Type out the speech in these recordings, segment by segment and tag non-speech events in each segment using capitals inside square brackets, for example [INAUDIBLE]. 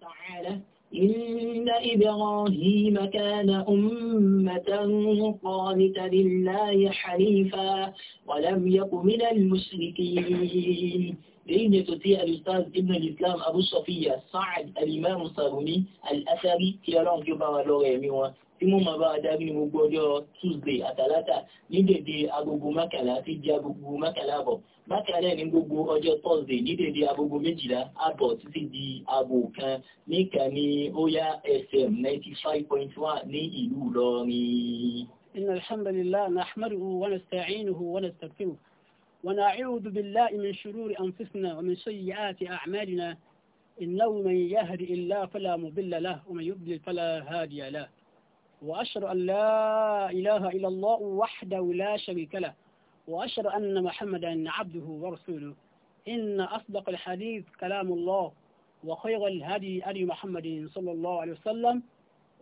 تعالى إن إبراهيم كان أمة قانتا لله حنيفا ولم يك من المشركين لين تطيع الأستاذ ابن الإسلام أبو صفية سعد الإمام الصابوني الأثري في لونج يبقى لغة tí mo máa bá adarí ní gbogbo ọjọ́ Tuesday àtàlátà ní dédé agogo mọ́kànlá sí di agogo mọ́kànlá àbọ̀ bákan ní gbogbo ọjọ́ Thursday ní dédé agogo méjìlá àbọ̀ títí di aago kan níkan ní Oya FM ninety five point one ní ìlú Ìlọrin. إن الحمد لله نحمده ونستعينه ونستغفره ونعوذ بالله من شرور أنفسنا ومن سيئات أعمالنا إنه من يهد الله فلا مضل له ومن يضلل فلا هادي له وأشهد أن لا إله إلا الله وحده لا شريك له وأشهد أن محمدا عبده ورسوله إن أصدق الحديث كلام الله وخير الهدي أبي محمد صلى الله عليه وسلم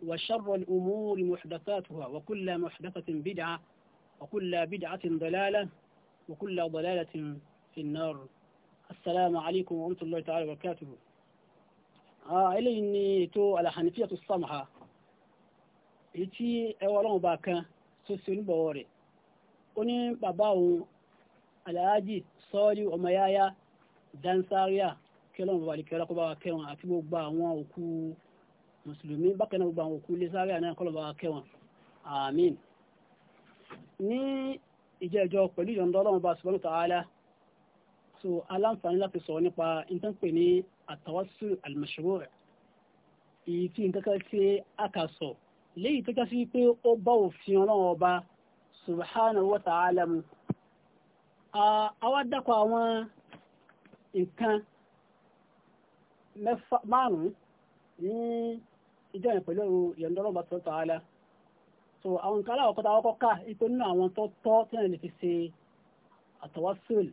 وشر الأمور محدثاتها وكل محدثة بدعة وكل بدعة ضلالة وكل ضلالة في النار السلام عليكم ورحمة الله تعالى وبركاته آه إلي أني تو الحنفية الصمحة èyí tí ẹwà ọlọ́run bá kan tó ṣe oníbọ̀wọ́ rẹ̀ ó ní bàbá òun aláàjì sọ́ọ́lì ọmọyáyá dansaria kẹlọ́n bàbá àdìkẹ́lá kó bá wa kẹwọn àti gbogbo àwọn òkú mùsùlùmí bákan náà gbogbo àwọn òkú lẹ́sàríà náà kọ́lọ́ bá wa kẹwọn àmín ní ìjẹ́jọ́ pẹ̀lú ìyọ̀ndọ́ ọlọ́run bá subhanahu wa ta'ala so aláǹfààní láti sọ̀rọ̀ nípa ìtànpè ní àtàwásù al-mashru' èyí tí nǹkan kan tí a léyìí tó jásí wípé ó bá òfin ọlọ́run ọba subhanahu wa ta'ala mu àwa dákọ̀ àwọn nǹkan mẹ́fà márùn-ún ní ìjọ yẹn pẹ̀lú ìyọ̀ndọ́rọ̀ bá tó so àwọn nǹkan aláwọ̀ kọ́ta wọ́kọ́ ká ipò nínú àwọn tó tọ́ tí wọ́n lè fi ṣe àtọwọ́sùl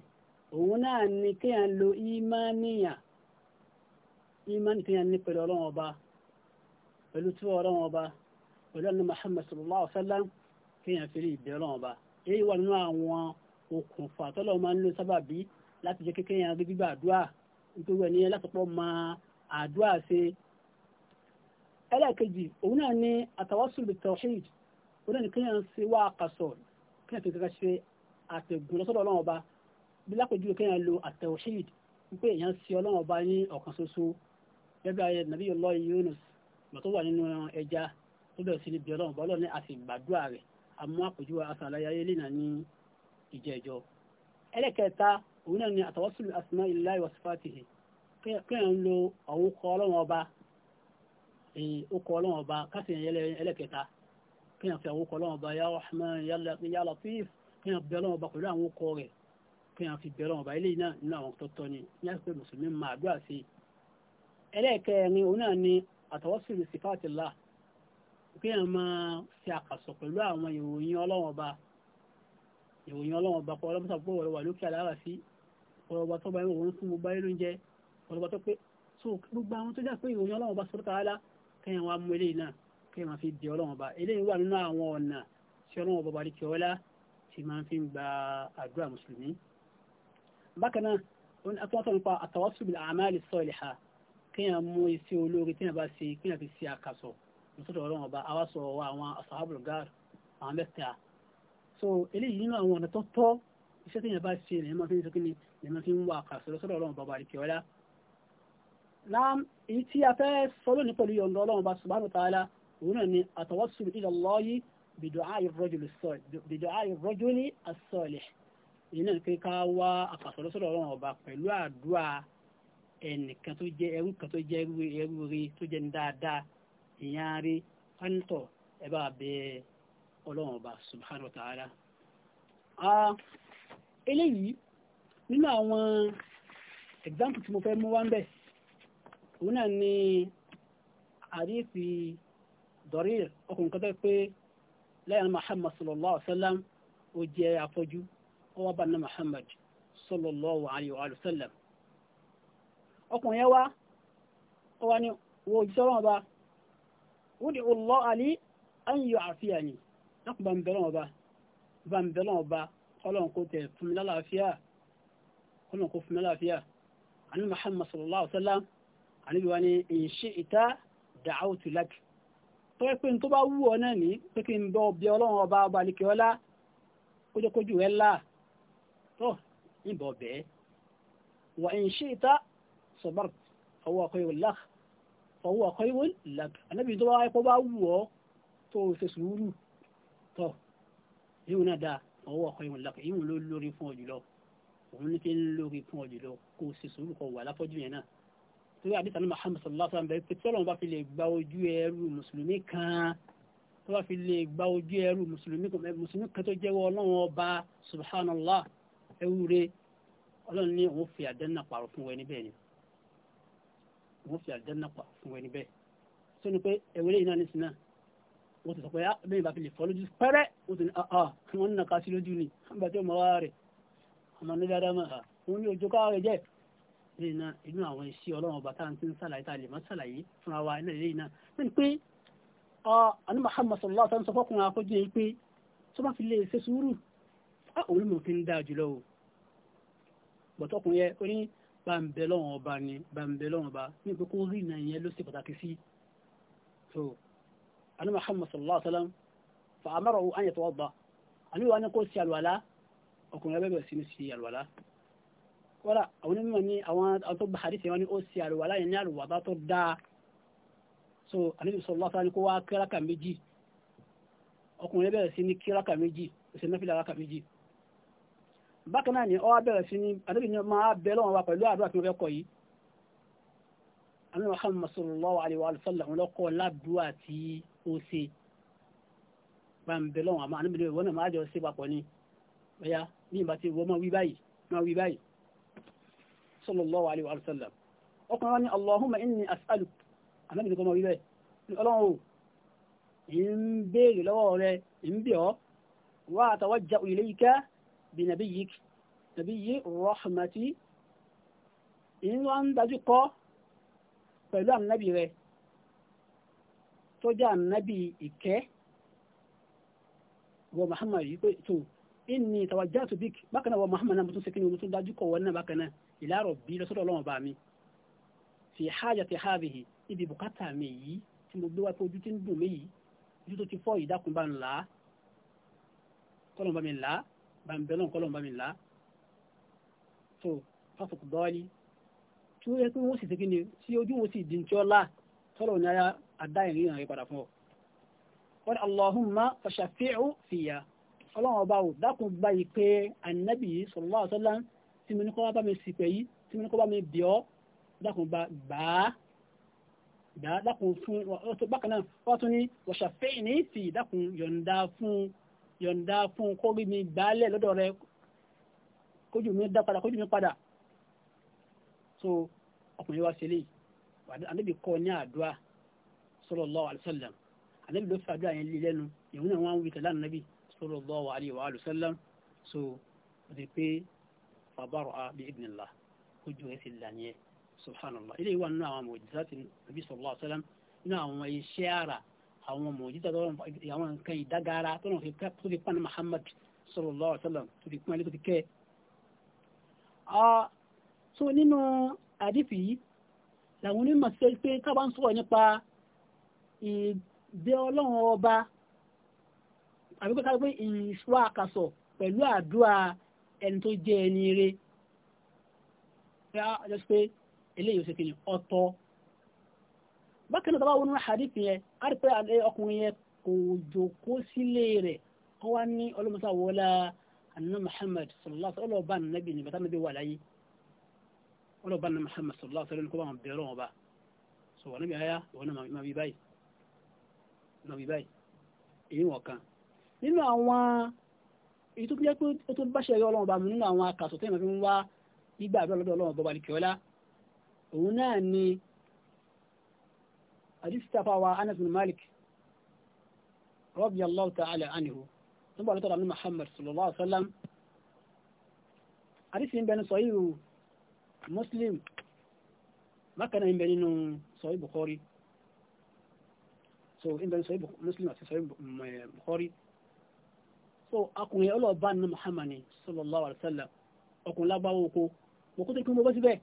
òun náà ni kéèyàn lo ìmánìyàn ìmánì kéèyàn ní pẹ̀lú ọlọ́run ọba pẹ̀lú ẹni Muhammad sallallahu alaihi wa sallam kéèyàn fi rí ìbẹ̀rù ọba èyí wà nínú àwọn okùnfà tọ́lọ́ máa ń lo sábàbí láti jẹ́ kéèyàn rí gbígbà àdúrà nítorí ẹni látọ̀pọ̀ máa àdúrà ṣe. ẹlẹ́ẹ̀kejì òun náà ní atawassul bit tawhid òun náà ní kéèyàn ṣe wá àkàsọ̀ kéèyàn fi kankan ṣe àtẹ̀gùn lọ́sọ̀dọ̀ ọlọ́run ọba bí lápèjúwe kéèyàn lo at-tawhid wípé èèyàn ṣe ọlọ́run ọba ní ọ̀kan ṣoṣo gẹ́gẹ́ bí ayé nàbí Yunus mọ̀tò wà nínú ẹja tó bẹ̀rẹ̀ sí ní bẹ̀rẹ̀ ọ̀bọ̀ ọlọ́run ní àti gbàdúrà rẹ̀ àmú àpèjúwe asàlàyé ayélé náà ní ìjẹ́jọ́ ẹlẹ́kẹta òun náà ni àtàwọ́sùn asùnmọ́ ilá ìwọ̀sífàtìhì kéèyàn lo àwọn okọ̀ ọlọ́run ọba okọ̀ ọlọ́run ọba káṣí ẹlẹ́kẹta kéèyàn fi àwọn okọ̀ ọlọ́run ọba yá Rahman yá Latif kéèyàn bẹ̀rẹ̀ ọlọ́run ọba pẹ̀lú àwọn okọ̀ rẹ̀ kéèyàn fi bẹ̀rẹ̀ ọba ilé náà nínú àwọn tọ́tọ́ ni ní àti pé mùsùlùmí máa àdúrà sí ẹlẹ́kẹrin òun náà ni àtàwọ́sùn sífàtìláà kéèyàn máa ṣe àkàsọ pẹ̀lú àwọn ìròyìn ọlọ́wọ́n ọba ìròyìn ọlọ́wọ́n ọba pọ̀ ọlọ́mọsà púpọ̀ wọ̀lọ́wà lókè àlàáfà sí ọlọ́wọ́ tó bá ń wọ́n fún gbogbo ayélu jẹ́ ọlọ́wọ́ tó pé so gbogbo àwọn tó jà pé ìròyìn ọlọ́wọ́n ọba sọ́dọ̀ tààlà kéèyàn wá mú eléyìí náà kéèyàn máa fi di ọlọ́wọ́n ọba eléyìí wà nínú àwọn ọ̀nà tí ọlọ́wọ́n ọba balikẹ́ ọlá ti máa fi gba àkàsọ̀ ìtọ́jọ́ ọlọ́run ọba àwa sọ ọwọ́ àwọn asahabul gar àwọn mẹ́ta so eléyìí nínú àwọn ọ̀nà tó tọ́ iṣẹ́ tí yẹn bá ṣe lèyìn máa fi ń sókè ni lèyìn máa fi ń wà kàṣọ́rọ́ sọ́dọ̀ ọlọ́run ọba àdìkẹ́ ọlá láàm èyí tí a fẹ́ sọ lónìí pẹ̀lú yọ̀ǹda ọlọ́run ọba subhanahu wa ta'ala òun náà ni àtawassul ila Allahi bidu'a'i rajuli as-salih èyí náà pé ká wá àkàṣọ́rọ́ sọ́dọ̀ ọlọ́run ọba pẹ̀lú àdúrà ẹnìkan tó jẹ́ ẹrú kan tó jẹ́ ẹrú rí tó jẹ́ ní dáadáa ìyàn rí àǹtọ̀ ẹ bá bẹ ọlọ́run ọba subhanahu wa ta'ala. eléyìí nínú àwọn example tí mo fẹ́ mú wá ń bẹ̀ òun náà ni àrífi dọ̀rír ọkùnrin kan tó pé lẹ́yìn muhammad sallallahu alaihi wa sallam ó jẹ́ afọ́jú ó wá bá ní muhammad sallallahu alaihi wa sallam ọkùnrin yẹn wá ó wá wo òjíṣẹ́ ọlọ́run ọba wúdi ọlọ́ àlí ayò àfihàn ni lákùn bá ń bẹ̀rẹ̀ ọba bá ń bẹ̀rẹ̀ ọba ọlọ́run kò tẹ̀ fún mi lálàáfíà ọlọ́run kò fún mi lálàáfíà àní muhammad sallallahu alaihi wa sallam àní bí wà ní ìṣe ìta da'awtu lak tó yẹ pé n tó bá wù ọ náà ní pé kí n ọwọ́ ọ̀kọ́ ìwọ̀n làk anábì tó bá wáyé kọ́ bá wù ọ́ tó ṣe sùúrù tọ̀ yíwọ̀n náà dáa ọwọ́ ọ̀kọ́ ìwọ̀n làk yíwọ̀n ló lórí fún ọ jùlọ òun ní kí ń lórí fún ọ jùlọ kó ṣe sùúrù kọ wà láfọ́jú yẹn náà torí àdìsá ní Muhammad sallallahu alaihi wa sallam bẹ́ẹ̀ bá fi lè gba ojú ẹrú mùsùlùmí kan tó bá fi lè gba ojú ẹrú mùsùlùmí kan tó jẹ́wọ́ ọlọ́run ọba subhanallah ẹwúre ọlọ́run ní òun fi àdánù wọ́n fi àlùjánnà pa fún ẹni bẹ́ẹ̀ sọ́ni pé ẹ̀wẹ́lẹ́ yìí náà ní sinna wọ́n ti sọ pé á ah, bẹ́ẹ̀ bá fi lè fọ́ lójú pẹ́rẹ́ wọ́n ti ní àá ah, ah, wọ́n ní nàka sí lójú ni àbá tí ó mọ̀ wá rẹ̀ àmọ́ ní dáadáa máa wọ́n ní ojú káwọ́ rẹ̀ jẹ́ lẹ́yìn náà inú àwọn iṣẹ́ ọlọ́run ọba tá à ń ti ń sàlàyé tá a lè má sàlàyé fúnra wa náà lẹ́yìn náà wọ́n ní pé àní Muhammad sallallahu alaihi wasallam sọ fọ́kùnrin akójú yẹn pé tó bá fi lè ṣe sùúrù á òun mọ̀ fi ń dáa jùlọ o bọ̀tọ́kùnrin yẹn ó ní bá ń bẹ lọ́wọ́n ọba ni bá ń bẹ lọ́wọ́n ọba ní pé rí ìnà ìyẹn ló sì pàtàkì sí so anu muhammad sallallahu alaihi wa sallam fa amara wo an yẹ tọwọ́ gba anu wa ni kó si alwala ọkùnrin ẹgbẹ́ bẹ̀rẹ̀ sí ní si alwala kọ́lá àwọn onímọ̀ ní àwọn tó bá hadith wọn ni ó si alwala yẹn ní alwala tó dáa so anu sallallahu alaihi wa sallam kó wá kíráka méjì ọkùnrin ẹgbẹ́ bẹ̀rẹ̀ sí ní kíráka méjì ó sì náfìlà kíráka méjì bákan náà ni ọ bẹ̀rẹ̀ sí ní àdébì ni máa bẹ lọ́wọ́ wa pẹ̀lú àdúrà tí wọ́n fẹ́ kọ yìí àmì Muhammad sallallahu alaihi wa sallam lọ́kọ́ ládùúà tí ó ṣe bá ń bẹ lọ́wọ́ àmọ́ àdébì wọn náà máa jọ ṣe papọ̀ ni ọ̀yá ní ìbá ti wọ́n máa wí báyìí máa wí báyìí ọkùnrin wa ni بنبيك نبي رحمتي إن وان دجقا فلو النبي ري تجا النبي إكي ومحمد يقول inni tawajjatu bik bákan náà wọ muhammad náà mo tún ṣe kíni mo tún dájú kọ wọn náà bákan náà ila rabbi lọ́sọ́dọ̀ ọlọ́wọ́n bá mi fi hajati hadhihi ibi bùkátà mi yìí tí mo gbé wá pé ojú tí ń dùn mí yìí ojú tó ti fọ́ ìdákun bá ń là á kọ́lọ́n bá mi là á bàǹbẹ̀lọ́n kọ́lọ́n bá mi là á so fásitì dọ́ọ̀lì tí ó yẹ kí wọ́n sì ṣe kí ni tí ojú wọn sì di ní tíọ́lá tọ́lọ̀ ní ara àdá ìrìn ìrìn padà fún ọ. wọ́n Allahumma fashafi'u fìyà ọlọ́run ọba ò dákun gba ìpè ànábì yìí sallallahu alaihi wasallam tí mo ní kọ́ bá mi sì pẹ̀ yìí tí mo ní kọ́ bá mi bì ọ́ dákun gba o, dákun fún bákan náà wọ́n tún ní washafi'ni fìyà dákun yọ̀ǹda fún yọ̀ǹda fún kó rí mi gbálẹ̀ lọ́dọ̀ rẹ kójú mi dá padà kójú mi padà so ọkùnrin wa ṣe lè ànábì kọ́ ní àdúrà sallallahu alaihi wasallam ànábì ló fi àdúrà yẹn lé lẹ́nu ìwọ́n náà wọ́n ń wíta lánàá nàbì sallallahu alaihi wa so ó ti pé fàbárò a bí ibnillah ojú rẹ̀ sì lànà yẹn subhanallah ilé ìwà nínú àwọn mọ̀jísà ti nàbì sallallahu alaihi nínú àwọn iṣẹ́ ara àwọn mọ̀jísà tọ́lọ́run àwọn nǹkan ìdágara tọ́lọ́run tó fi pàdé Muhammad sallallahu alaihi wasallam tó fi pín alẹ́ tó fi kẹ́ ẹ̀. so nínú àdìsí yìí làwọn onímọ̀ sí pé kábà ń sọ̀rọ̀ nípa ìgbé ọlọ́run ọba àbí pé kábà ìṣúwà àkàsọ̀ pẹ̀lú àdúrà ẹni tó jẹ́ ẹni rẹ̀ pé eléyìí ó ṣe kìnnì ọ̀tọ̀ bákan náà tó bá wọnú hadith yẹn a rí pé ọkùnrin yẹn kò jòkó sílé rẹ̀ wọ́n wá ní ọlọ́mọsá wọlá anna Muhammad sallallahu alaihi ọlọ́ọ̀bá nàbì ní bàtà nàbì wà láyé ọlọ́ọ̀bá anna Muhammad sallallahu alaihi kó bá wọn bẹ̀rẹ̀ wọn bá sọ wọn níbi ayá ìwọ náà máa bí báyìí náà bí báyìí èyí wọn kan nínú àwọn èyí tó jẹ́ pé ó tó bá ṣe ẹ̀yọ́ ọlọ́wọ́n nínú àwọn akàṣọ tẹ́yìn máa fi ń wá gbígbà àbẹ́ ọlọ́dọ̀ ọlọ́wọ́n bọ́ba àdìsí tàfà wa anas bin malik radiyallahu ta'ala anhu nígbà lọ́tọ̀ àmì muhammad sallallahu alaihi wasallam àdìsí ń bẹnu sọ̀yí muslim bákan ń bẹ nínú sọ̀yí bukhari so ń bẹnu sọ̀yí muslim àti sọ̀yí bukhari so akùnrin ọlọ́ọ̀bá ní muhammad sallallahu alaihi wasallam ọkùnrin lágbàwọ̀ oko mo kó tó kí mo bọ́ síbẹ̀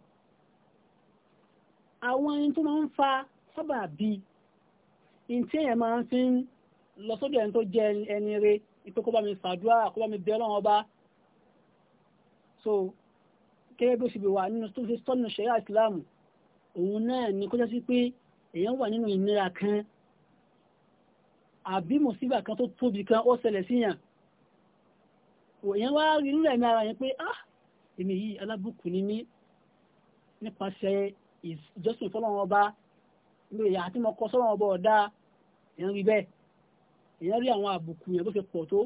àwọn ẹni tó máa ń fa sábà bí ntí èèyàn máa ń fi ń lọ sọ́dọ̀ ẹni tó jẹ́ ẹni rẹ ipò kó bá mi ṣàdúrà kó bá mi bẹ Ọlọ́run ọba so gẹ́gẹ́ bí ó ṣe bí wà nínú tó fi sọ́nù ṣẹ̀yà ìsìláàmù òun náà ni kó jẹ́ sí pé èèyàn wà nínú ìnira kan àbí mùsíbà kan tó tóbi kan ó ṣẹlẹ̀ síyàn èèyàn wá rí nílẹ̀ mi ara yẹn pé ah èmi yìí alábùkù ni mí nípasẹ̀ ìjọsìn fọlọ́run ọba ní èyà àti mọ kọ sọ́rọ̀ ọbọ̀ ọ̀dá èèyàn rí bẹ́ẹ̀ èèyàn rí àwọn àbùkù yẹn bó ṣe pọ̀ tó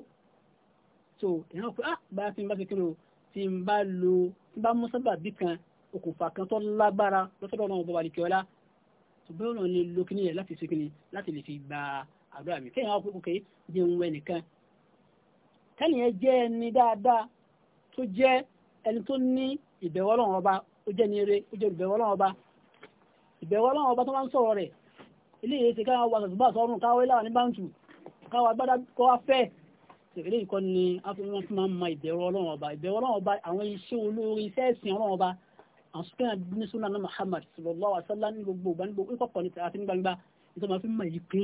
so èèyàn pé ah báyà tí n bá ṣe o tí n bá lo tí n bá mú sábà bí kan okùnfà kan tó lágbára lọ́sọ̀dọ̀ ọ̀nà ọ̀bọ̀ àdìkẹ́ ọ̀la ṣùgbọ́n ọ̀nà lè lo kíní yẹn láti ṣe kíní láti lè fi gba àdúrà mi kéèyàn wá pé kókè jẹun ẹnìkan kẹ́nìyàn jẹ́ ẹni dáadáa tó jẹ́ ẹni tó ní ìbẹ̀wọ́ Ọlọ́run ọba ó jẹ́ ni eré ó jẹ́ ìbẹ̀wọ́ Ọlọ́run ọba ìbẹ̀wọ́ ọlọ́run ọba tó máa ń sọ̀rọ̀ rẹ̀ ilé ìyẹn ti káwọn wàṣà ṣùgbọ́n sọ́run káwọn ilé àwọn níbàǹtù káwọn kọ́ afẹ́ ilé ìkọ́ ni afẹ́wọ́n fún máa ń ma ìbẹ̀rù ọlọ́run ọba ìbẹ̀rù ọlọ́run ọba àwọn iṣẹ́ olórí iṣẹ́ ẹ̀sìn ọlọ́run ọba àwọn sùkẹ́ ní súnà náà Muhammad sallallahu alaihi wasallam ní gbogbo ìgbà ní gbogbo ìkọ̀kọ̀ ní àti ní gbangba nítorí máa fi mọ̀ yìí pé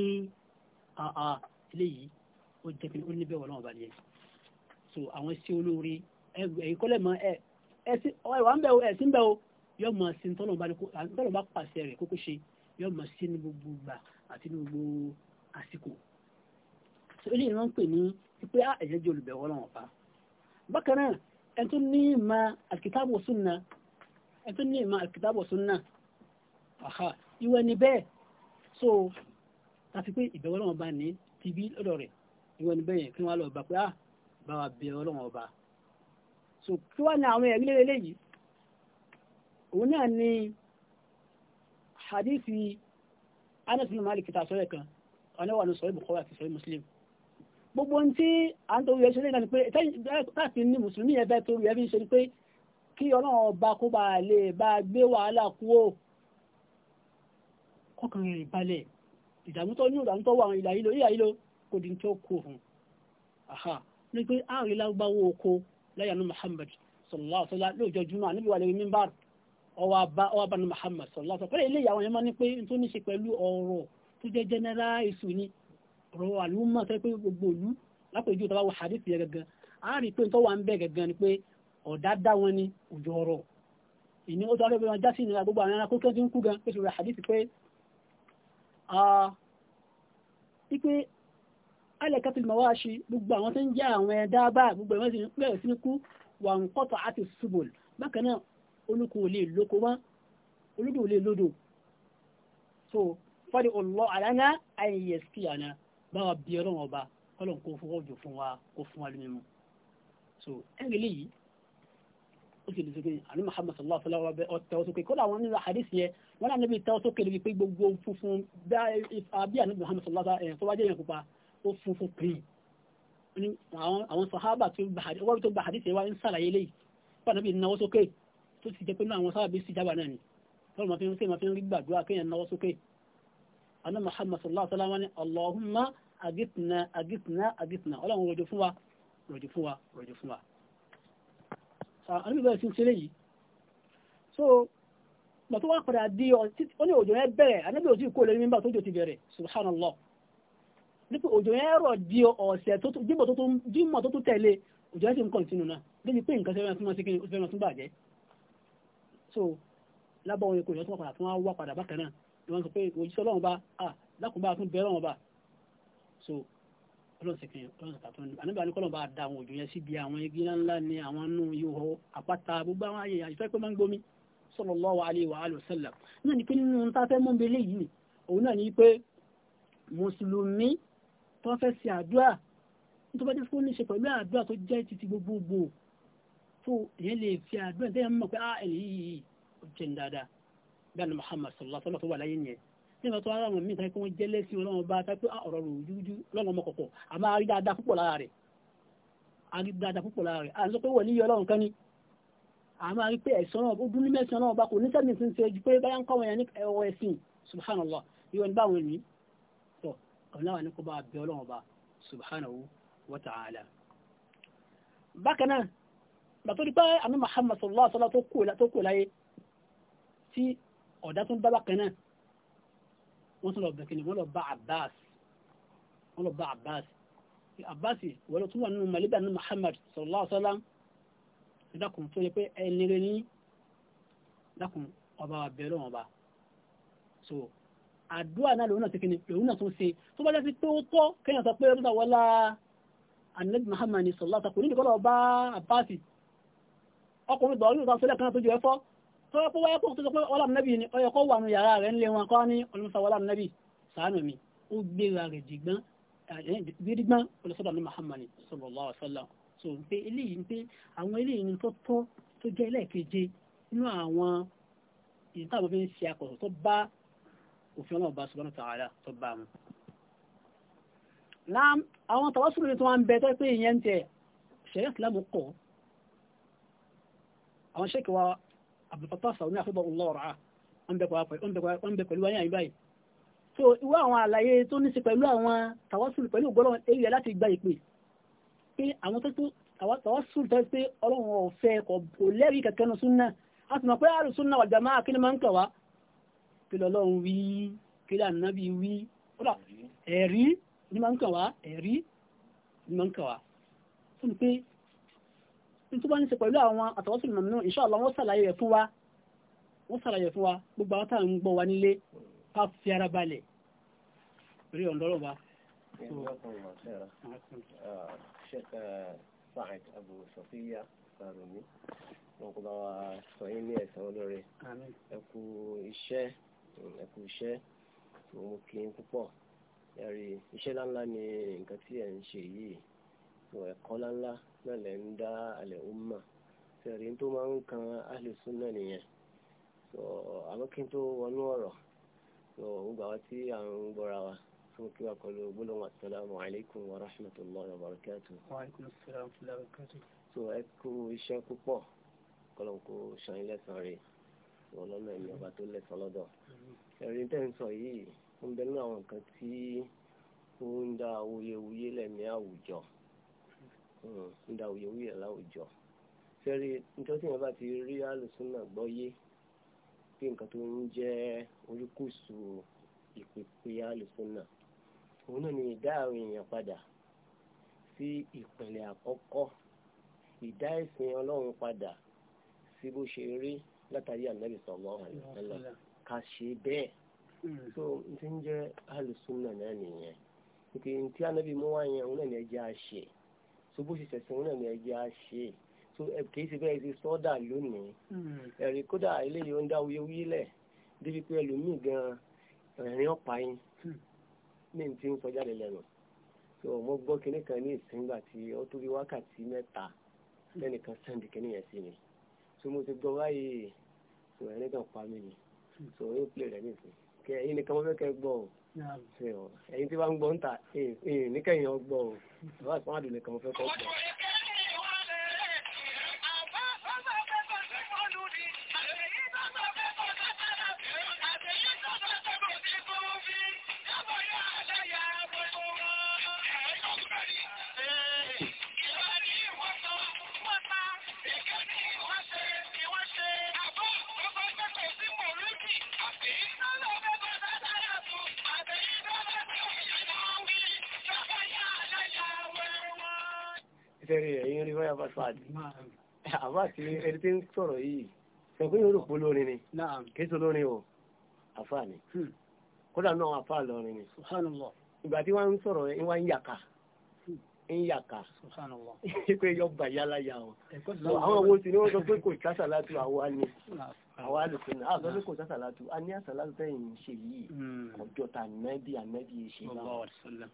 àà ilé yìí ó jẹ́ pé ó ní bẹ̀rù so àwọn iṣẹ́ olórí ẹ̀kọ́lẹ̀ mọ́ ẹ̀ ẹ̀ sí yóò máa sin tọ́lọ̀ bá pàṣẹ rẹ̀ kókó ṣe yóò máa sin ní gbogbo ìgbà àti ní gbogbo àsìkò so eléyìí wọ́n ń pè ní pípé ah, ẹ̀jẹ̀ jẹ́ olùbẹ̀wọ̀ náà pa bákan náà ẹni tó ní ìmọ̀ àkìtàbù súnà ẹni tó ní ìmọ̀ àkìtàbù súnà àhà ìwọ ni bẹ́ẹ̀ so àti pé ìbẹ̀wọ̀ náà bá ní tìbí lọ́dọ̀ rẹ̀ ìwọ ni bẹ́ẹ̀ kí wọ́n lọ bá pé ah bá wa bẹ̀ ọlọ́wọ́n ọba so kí wọ́n ní àwọn ẹ̀rí òun náà ni hadithi anas bin malik ta sọ́rẹ̀ kan ọ̀nẹ́wà ní sọ́rẹ̀ bukhari àti sọ́rẹ̀ muslim gbogbo ohun tí a ń torí ẹṣẹ́ lẹ́nà ni pé káàkiri ní mùsùlùmí ẹ̀fẹ́ torí ẹ̀fí ṣe ni pé kí ọlọ́run ọba kó bá lè bá gbé wàhálà kúrò kọkàn rẹ̀ balẹ̀ ìdààmú tó ní ìdààmú tó wà àwọn ìlà ìlò ìyà ìlò kò dín tó kú fún aha ní pé àárín oko láyànú muhammad sallallahu alaihi wasallam lóòjọ́ jùmọ̀ níbi wà lórí mímbàrù ọwọ́ bá Muhammad sallallahu alaihi wasallam pẹ̀lú ilé ìyàwó yẹn máa ní pé tó ní ṣe pẹ̀lú ọ̀rọ̀ tó jẹ́ general issue ni ọ̀rọ̀ àlùmọ́ tó pé gbogbo òlú lápèjú tó bá wọ hadith yẹn gangan a rí pé tó wà ń bẹ̀ gangan ni pé ọ̀dá dá wọn ni òjò ọ̀rọ̀ ìní ó tọ́lé wọn já sí ìnira gbogbo àwọn ẹranko tó ti ń kú gan pé ṣe rẹ̀ hadith pé ipe alẹ́kàtì mawashi gbogbo àwọn tó ń jẹ́ àwọn ẹ̀dá bá gbogbo ẹ̀wọ́n sì ń pẹ̀rẹ̀ sí kú wà ń kọ́tọ̀ àti subul bákan náà olùkò lè lóko wá olódò lè lódò so fọ́dí ọlọ́ àlànà àyẹ̀yẹ̀ sí àná bá wa bí ọlọ́run ọba kọ́lọ̀ kó fọwọ́ jù fún wa kó fún wa lómi mu so ẹ̀rí léyìí ó ti lè sókè àní Muhammad sallallahu alaihi wa sallam ọ̀tẹ̀ ọ̀sọ́kè kọ́lá àwọn nílò àdìsí yẹ wọn náà níbi tẹ́ ọ̀sọ́kè níbi pé gbogbo funfun bí àní Muhammad sallallahu alaihi wa sallam fọwájẹ́ yẹn pupa ó funfun pín àwọn sahaba tó gba àdìsí wa ń sàlàyé léyìí fún tó ti jẹ́ pé náà àwọn sábàbí sí jábà náà ni tọ́lù máa fi ń sèé máa fi ń rí gbàdúrà kéèyàn náwó sókè aná Muhammad sallallahu alaihi wasallam ni Allahumma agitna agitna agitna ọlọ́run rọ̀jò fún wa rọ̀jò fún wa rọ̀jò fún wa. àwọn bẹ̀rẹ̀ sí ń ṣeré yìí so gbàtọ́ wà padà di ọ ní òjò yẹn bẹ̀rẹ̀ anábì òjò kó lórí mímbà tó jò ti bẹ̀rẹ̀ subhanallah nípa òjò yẹn rọ̀ di ọ̀sẹ̀ jímọ̀ tó tún tẹ̀lé òjò yẹn sì ń kọ̀ntínú náà débi pé nǹkan sẹ́wọ́n fún wọn sí kí ni ó fẹ́ràn tún bàjẹ́ so lábọ̀wọ̀ yẹ kò yẹ tó wà padà tó wá padà bákan náà ni wọ́n sọ pé òjíṣẹ́ ọlọ́run bá à lákùnbá tún bẹ́ẹ̀ ọlọ́run bá so ọlọ́run sì kìí ọlọ́run sì kàtún àníbà ní kọ́lọ́run da àwọn òjò yẹn síbi àwọn igi ńláńlá ni àwọn nù ihò àpáta gbogbo àwọn ayẹyẹ àyíká pé máa ń gbomi sallallahu alaihi wa alihi wasallam náà ni pé nínú tá a fẹ́ mọ́ bẹ́lẹ̀ yìí òun náà ni pé mùsùlùmí tó fẹ́ ṣe àdúrà nítorí pé ó ní ṣe pẹ̀lú àdúrà tó jẹ́ títí gbogbogbò tó èyàn lè fi àdúrà tẹ́yà mọ̀ pé ah ẹni yìí ó jẹ́ ní dáadáa bí àná Muhammad sallallahu alaihi wa sallam tó wà láyé nìyẹn nígbà tó ara wọn mìíràn kí wọ́n jẹ́ lẹ́sìn ọlọ́run bá tá pé ah, ọ̀rọ̀ rò jújú lọ́nà ọmọ kọ̀kọ̀ àmọ́ a rí dáadáa púpọ̀ lára rẹ̀ a rí dáadáa púpọ̀ lára rẹ̀ a sọ gbàtó di pé àmì Muhammad sallallahu alaihi wasallam tó kú láyé tí ọ̀dá tó ń bábà kan náà wọ́n tún lọ bẹ̀rẹ̀ kìnnìkan lọ bá Abbas wọ́n lọ bá Abbas Abbas wọ́n lọ tún wà nínú malibu àmì Muhammad sallallahu alaihi wasallam dákun tó yẹ pé ẹni rẹ ní dákun ọba bẹ̀rẹ̀ wọn ba so àdúrà náà lòun náà ti kìnnì lòun náà tún ṣe tó bá jẹ́ pé ó tọ́ kẹ́yìn sọ pé ọdún tàwọn lá Ànábì Muhammad sallallahu alaihi kò ní ọkùnrin dọ̀ọ́lù tó sílẹ̀ kan tó jù ẹfọ́ tó yẹ kó wáyé tó sọ pé ọlá nàbì ni ọyọ kó wà nù yàrá rẹ̀ ńlẹ̀ wọn kọ́ ní olùsọ ọlá nàbì sàánù mi ó gbéra rẹ̀ dìgbọ́n dídígbọ́n olùsọ́dọ̀ ní Muhammad sallallahu alaihi wasallam so n pe eléyìí n pe àwọn eléyìí ni tó tọ́ tó jẹ́ ẹlẹ́ẹ̀keje nínú àwọn èyí táwọn fi ń ṣe akọ̀tọ̀ tó bá òfin ọlọ́ọ̀bá subhanahu wa ta'ala tó bá mu àwọn ṣèkì wa Abdulfatah Sàwùní àfẹ́bọ̀ ọlọ́ọ̀rọ̀ ọ̀n bẹ pẹ̀lú ayé báyìí so irú àwọn àlàyé tó ní sí pẹ̀lú àwọn tàwásùlù pẹ̀lú ògbọ́lọ́ eré láti gba ìpè pé àwọn tó tàwásùlù tó pé ọlọ́run ọ̀fẹ́ kò lẹ́rìí kẹ̀kẹ́ nu súnà a sì mọ̀ pé àrùn súnà wà jàmáà kí ni máa ń kà wá kí lọ́lọ́run wí kí lè ànábì wí kódà ẹ̀rí ni máa ń kà wá ẹ̀rí ni máa ń kà wá fún pé tó bá ní ṣe pẹ̀lú àwọn àtàwọ́sùn mọ̀mọ́ náà insha Allah wọ́n ṣàlàyé rẹ̀ fún wa wọ́n ṣàlàyé fún wa gbogbo àwọn táà ń gbọ́ wa nílé ká fi ara balẹ̀ rí ọ̀dọ́rọ̀ wa. Saad Abu Sofiya Sarumi wọn kò bá wa sọ yín ní ẹ̀sán iṣẹ́ ẹ kú iṣẹ́ òun púpọ̀ ẹ̀rí iṣẹ́ láńlá ni nǹkan tí ẹ̀ ń ṣe yìí sọ ẹ̀kọ́ ńláńlá náà lẹ́ ń dá alẹ́ umma sẹ̀rí tó máa ń kan ahlu sunna nìyẹn sọ àmọ́ kí n tó wọnú ọ̀rọ̀ gbogbo àwa tí à ń gbọ́ra wa fún kí wàá kọlu gbólóhùn asalaamu alaykum wa rahmatulahi wa barakatu. wa alaykum salaam wa rahmatulahi wa barakatu. sọ ẹ kú iṣẹ́ púpọ̀ kọlọ́nkó ṣan ilé san rè sọ lọ́nà tó lẹ́sàn lọ́dọ̀ ẹ̀rí tẹ́ ń sọ yìí ń bẹ nínú àwọn nǹkan tí ó ń dá awuyewuye lẹ́mí àwùjọ. nígbà òyòwòyè láwùjọ sẹ́rí nítorí wọn bá ti rí alùsùnà gbọ́yé pé nǹkan tó ń jẹ́ oríkùsù ìpèpè alùsùnà òun náà ni ìdá àwọn èèyàn padà sí ìpìlẹ̀ àkọ́kọ́ ìdá ẹ̀sìn ọlọ́run padà sí bó ṣe rí látàrí ànábì sallallahu alaihi wasallam ká ṣe bẹ́ẹ̀ hmm. so n ti ń jẹ́ alùsùnà náà nìyẹn nítorí tí ànábì mú wáyẹn òun náà ni ẹ jẹ́ àṣẹ. so bó ṣe ṣẹ̀sìn wọn náà ni ẹ̀jẹ̀ á ṣe so kì í ṣe bẹ́ẹ̀ ṣe sọ́dà lónìí hmm. ẹ̀rí kódà eléyìí ó ń dá wuyewuye lẹ̀ débi pé ẹlòmíì gan ẹ̀rín ọ̀pá yín ní hmm. ti ń sọ jáde lẹ́nu so mo gbọ́ kinní kan ní ìsìngbà tí ó tó bí wákàtí mẹ́ta lẹ́nìkan hmm. sẹ́ndì kinní yẹn sí mi so mo ti gbọ́ báyìí so ẹ̀rín kan pa mí ni so ó ń pè rẹ̀ nìkan kẹ ẹ̀yin nìkan mo fẹ́ kẹ́ gbọ́ o ẹ̀yin tí wàá ń gbọ́ ń ta ẹ̀yìn níkẹyìn ọgbọ́ o ìwà àpamọ́ àdùnnìkan fẹ́ kọ́ gbọ́. tẹ́rẹ̀ ẹ̀yìn rí báyà bá fàdí àbá ti ẹni tí ń sọ̀rọ̀ yìí ṣẹ̀kún yóò rò pé lórin ni kì í o àfa ni hmm. kódà náà àfa lọrin ni ìgbà tí wọ́n ń sọ̀rọ̀ ẹ̀ wọ́n ń yàkà hmm. ń yàkà [LAUGHS] pé yọba yálà yà wọn àwọn owó tí ni wọ́n sọ pé kò sásà látú àwa ni àwa àlùfẹ́ náà àgbà pé kò sásà látú a ní àsà látú tẹ́yìn ṣe yìí hmm. ọjọ́ ta nẹ́bí ànẹ́bí ṣe náà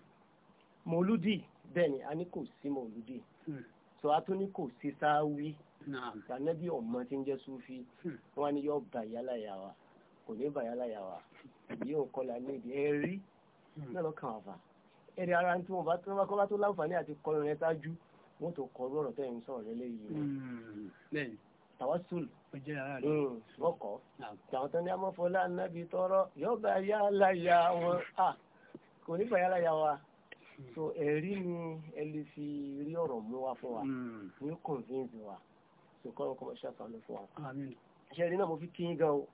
mòlúdì bẹ́ẹ̀ ni a ní kò sí mòlúdì hmm. so a tún ní kò sí sáwí ìtànẹ́bí ọ̀mọ tí ń jẹ́ súfí wọn ni yóò bà yálà yà wá kò ní bà yálà yà wá yóò kọlà ní èdè ẹ̀rí hmm. náà lọ́kàn àfà ẹ̀rí ara tí wọ́n bá tó wọ́n kọ́ bá tó láǹfààní àti kọrin rẹ ṣáájú wọ́n tó kọ ọ̀rọ̀ tẹ̀ ń sọ̀rọ̀ lélẹ́yìí hmm. wọn tawassul ah! wọ́n kọ́ tàwọn tó ní amọ́fọlá nábì tọrọ yóò bà yálà yà wọn kò ní bà yálà yà wá so ẹ̀rí ni ẹ lè fi rí ọ̀rọ̀ mú wá fún wa hmm. ní convince wa so kọ́ ọkọ̀ ṣàtàlù fún wa. ṣe ẹ̀rí náà mo fi kíyìn gan o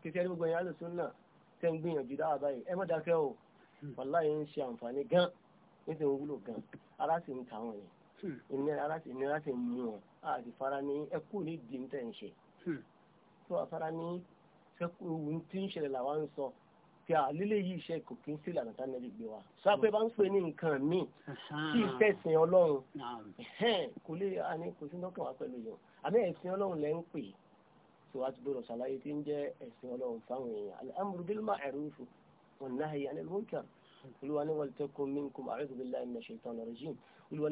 kékeré gbogbo ẹ̀yà lòsùn náà tẹ́ ń gbìyànjú dáwà báyìí ẹ má dákẹ́ o hmm. wàláyé ń ṣe àǹfààní gan nítorí wúlò gan ara sì ń tàwọn yẹn hmm. ìnira láti ìnira sì mú wọn àti fara ní ẹkú ní dìín tẹ̀ ń ṣe. tó àfara ní ewu tí ń ṣẹlẹ̀ làwọn ń sọ pé à ah, lílé yìí iṣẹ́ kò kí ń sí ìlànà táwọn ẹbí gbé wa sápẹ́ bá ń pè ní nǹkan míì tí ìfẹ̀sìn ọlọ́run kò lè àní kò sí dọ́kàn wá pẹ̀lú yẹn àmì ẹ̀sìn ọlọ́run lẹ́ ń pè tí wàá ti gbọ́dọ̀ ṣàlàyé tí ń jẹ́ ẹ̀sìn ọlọ́run fáwọn èèyàn al-amru bil ma'ruf wan nahyi 'anil munkar olúwa minkum a'udhu billahi minash shaitanir rajim olúwa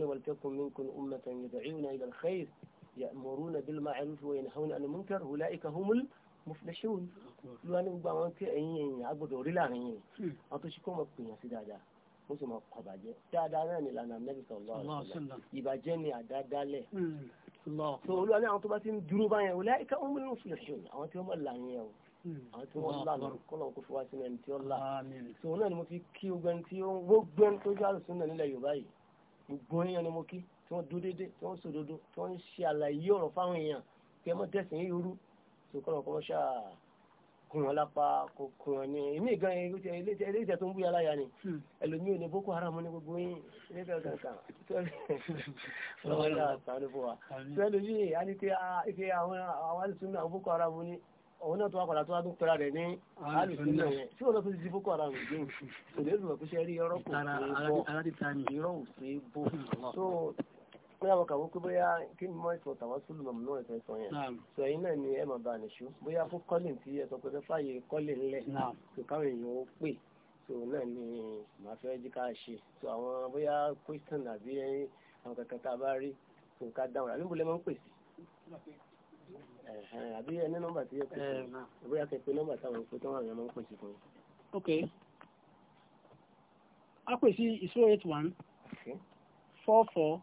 minkum ummatan yad'una ila al-khayr ya'muruna bil ma'ruf wa yanhauna 'anil munkar ulaika humul mufilẹsẹwò ni olúwa ní gbogbo àwọn tí ẹ̀yin ẹ̀yin agbọ́dọ̀ orí láàrin yìí àwọn tó ṣe kọ́ mọ̀ pèèyàn sí dáadáa ó sì mọ̀ kọ́ bàjẹ́ dáadáa náà ni lànà mẹ́rin sọ̀rọ̀ ìbàjẹ́ ni àdádálẹ̀ hmm. so olúwa ní àwọn tó bá ti ń dúró báyẹn wọlé àyíká wọn mú mufilẹsẹwò àwọn tí wọn mọ̀ làyẹn o hmm. àwọn tí wọn lọ kọ́ lọ́wọ́ kó fi wá sí ẹni tí wọn là so náà ni mo fi kí ogbẹni tí ó gbẹni tó jáde sínú nílẹ̀ Yorùbá yìí gbogbo èèyàn ni mo kí tí wọ́n dúró déédéé tí wọ́n sòdodo tí wọ́n ń ṣe àlàyé ọ̀rọ̀ fáwọn èèyàn kí ẹ mọ̀ tẹ̀sán yìí rú sòkòrò kọ́ ṣá kún wọn lápá kò kún wọn ní èmi gan eléyìí tẹ tó ń búya láyà ni hmm. ẹlòmíì ò ní boko haram ní gbogbo yín eléyìí tẹ kankan lọ́wọ́ yà sàánú fún wa ẹlòmíì á ní pé ife àwọn àwọn alùsùn náà boko haram ní òun náà tó wákọ̀lá tó wá tó pẹ́ra rẹ̀ ní alùsùn náà yẹn tí òun tó ti di boko haram gbé òde ìlú ọ̀pẹ́sẹ̀ rí ọ̀rọ̀ kò sí bó pé àwọn kàwé pé bóyá kí ni mo sọ tàwọn sùlù mọ̀mù náà ẹ̀fẹ́ sọ yẹn sọ yìí náà ni ẹ máa bá nìṣó bóyá fún kọ́lìn tí ẹ sọ pé fáyé kọ́lìn ńlẹ̀ tó káwọn èèyàn ó pè so náà ni màá fẹ́ jí ká ṣe so àwọn bóyá question àbí àwọn kankan tá a bá rí so ká dáhùn àbí bóyá máa ń pèsè àbí ẹ ní nọ́mbà tí ẹ pèsè bóyá kẹpẹ nọ́mbà táwọn ìpè tó wà ní ẹ máa ń pèsè fún yín. ok a pèsè eight one four four.